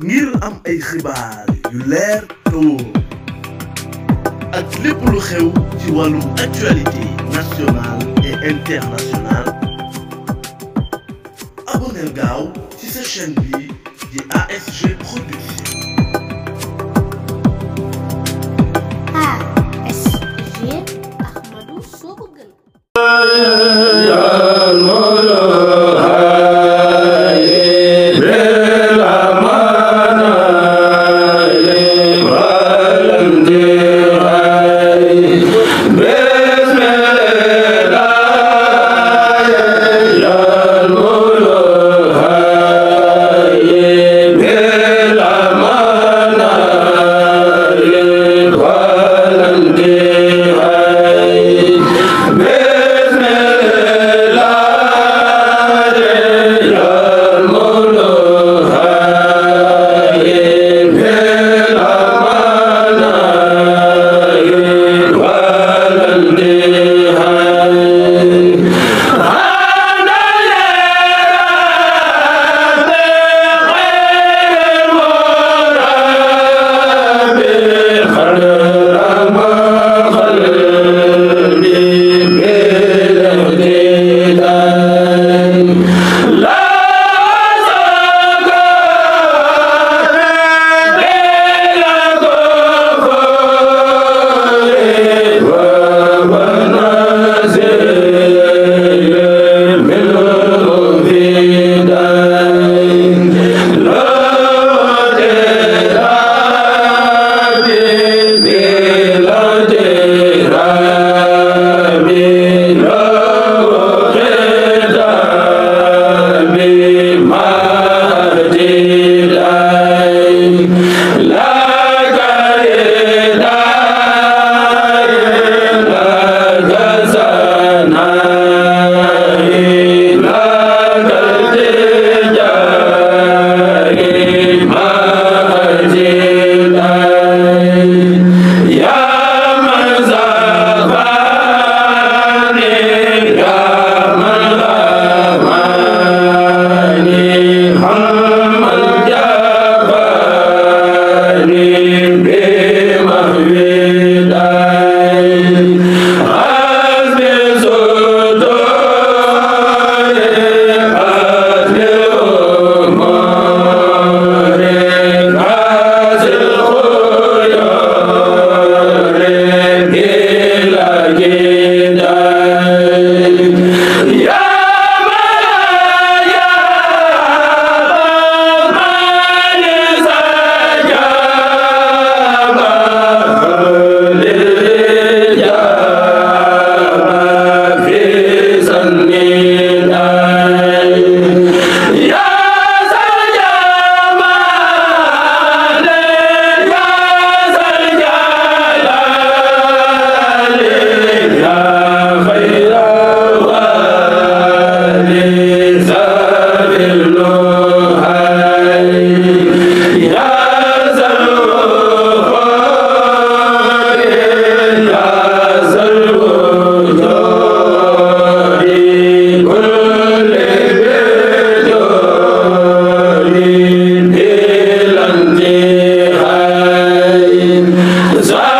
ngir am ay xibaar yu leer te ak lépp lu xew ci wàllum actualité nationale et internationale aboneel gaaw ci sa bi di ASG Production Zara.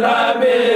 Nazareth.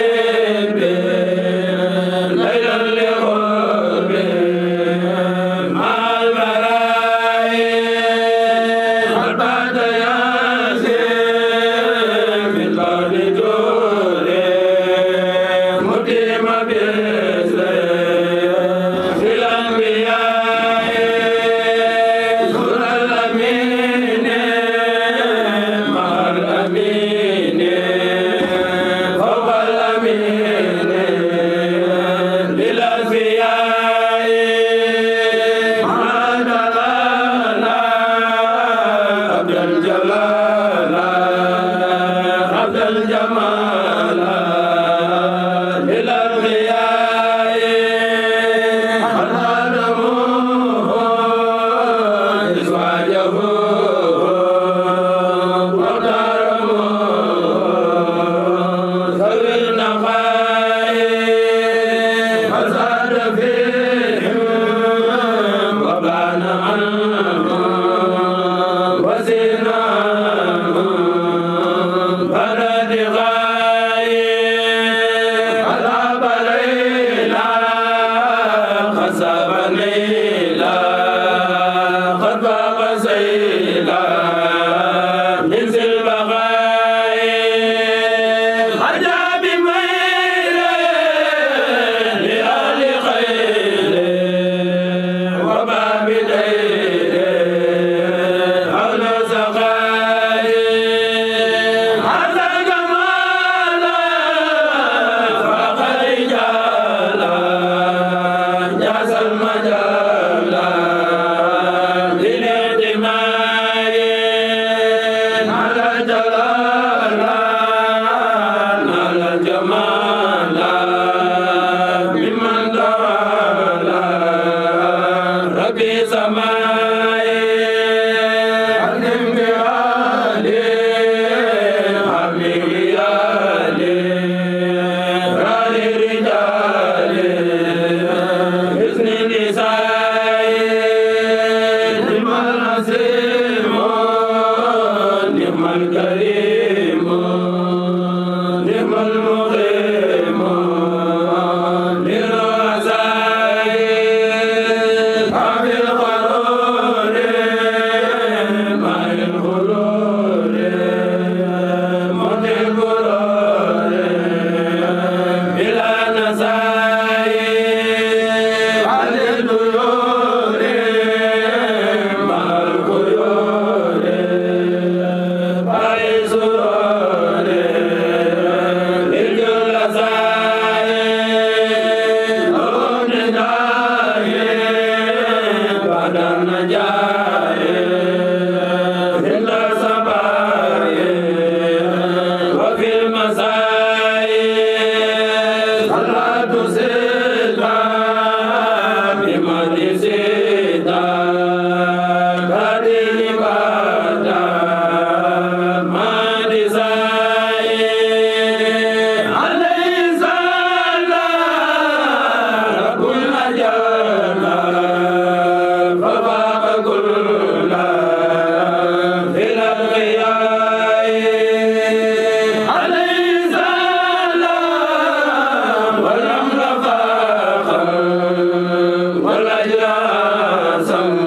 I'm zam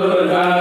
good.